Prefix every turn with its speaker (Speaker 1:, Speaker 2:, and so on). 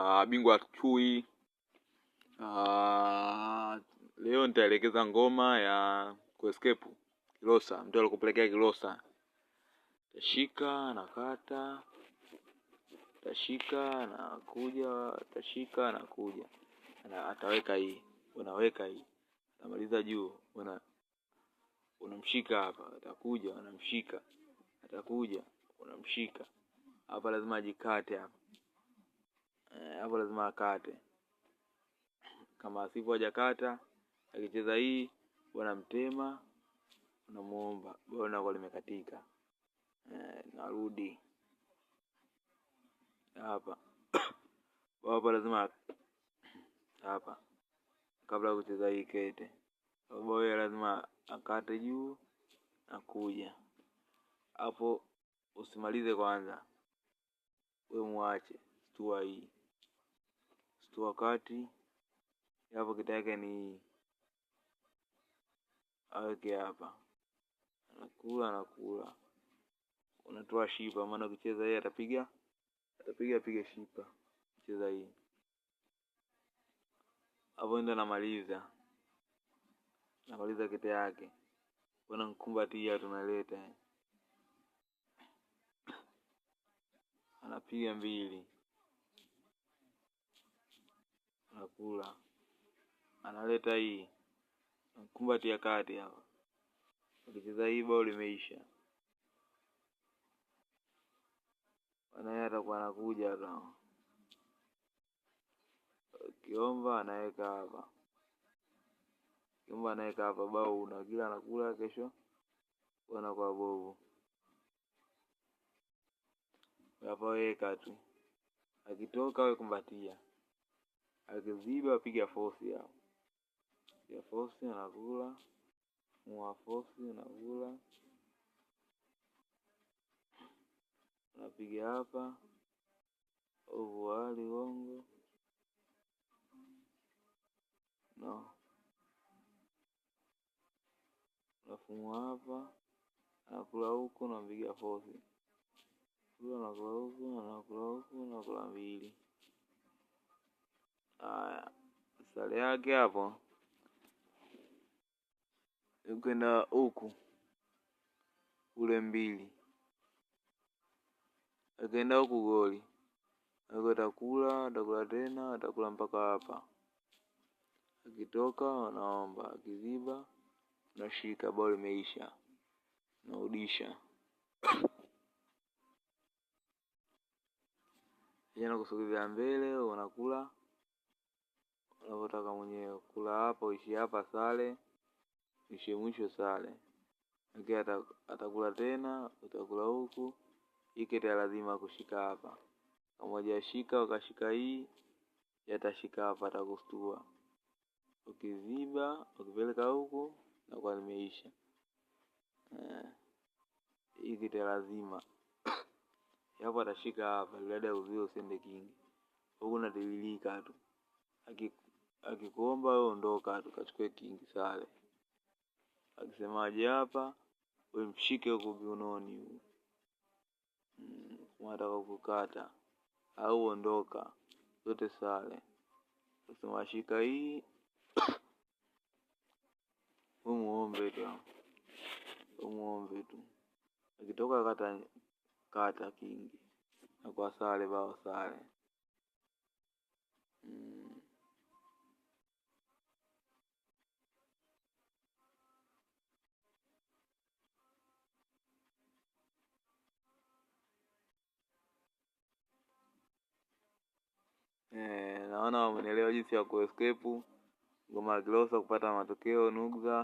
Speaker 1: uh, bingwa chui uh, leo nitaelekeza ngoma ya kuescape Kilosa, mtu alikupelekea Kilosa. Tashika nakata, tashika nakuja, tashika nakuja, na ataweka hii, unaweka hii, atamaliza juu, una unamshika hapa, atakuja, unamshika, atakuja, unamshika hapa, lazima ajikate hapa Eh, hapo lazima akate. Kama asipo hajakata, akicheza hii, mtema unamuomba bwana kwa limekatika, Eh, narudi hapa hapa, lazima hapa, kabla ya kucheza hii kete, bao lazima akate juu na kuja hapo. Usimalize kwanza, we mwache stua hii tu wakati hapo kitaka ni aweke hapa, anakula anakula, unatoa shipa, maana ukicheza yeye atapiga atapiga piga shipa, cheza hii hapo, ndo namaliza namaliza kete yake, kuna mkumbatia tunaleta, anapiga mbili chakula. Analeta hii mkumbati ya kati hapa, ukicheza hii bao limeisha. Naye atakuwa anakuja hapa, kiomba anaweka hapa, kiomba anaweka hapa, bao una kila anakula kesho, kwa bovu hapa, weka tu, akitoka wewe kumbatia akiziba apiga fosi hapo, ya fosi anakula, mwa fosi anakula, anapiga hapa uvuali gongo no nafumua hapa, anakula huku, nampiga fosi, anakula huku, anakula huku, anakula mbili Haya, sare yake hapo kwenda huku kule mbili, akaenda huku goli ako, atakula atakula tena atakula mpaka hapa. Akitoka anaomba, akiziba unashika, bao limeisha, naudisha yaani ana kusogeza mbele, unakula unavyotaka mwenyewe. Kula hapa, ishi hapa, sale, ishi mwisho sale. Lakini atakula tena, utakula huku, ikete lazima kushika hapa. Kama hajashika ukashika hii, yatashika hapa, atakustua. Ukiziba ukipeleka huku, nakuwa nimeisha eh, ikita lazima hapo atashika hapa, baada ya uzio usende kingi huku, natibilika tu akiku akikuomba wewe ondoka, tukachukue kingi sale. Akisemaje hapa, wemshike mshike huko viunoni, hmm, unataka kukata au ondoka, zote sale. Akisema shika hii umuombe tu, umuombe tu, akitoka kata kata kingi na kwa sale bao sale mm. Eh, naona wamenielewa jinsi ya kuescape ngoma ya Kilosa kupata matokeo nugza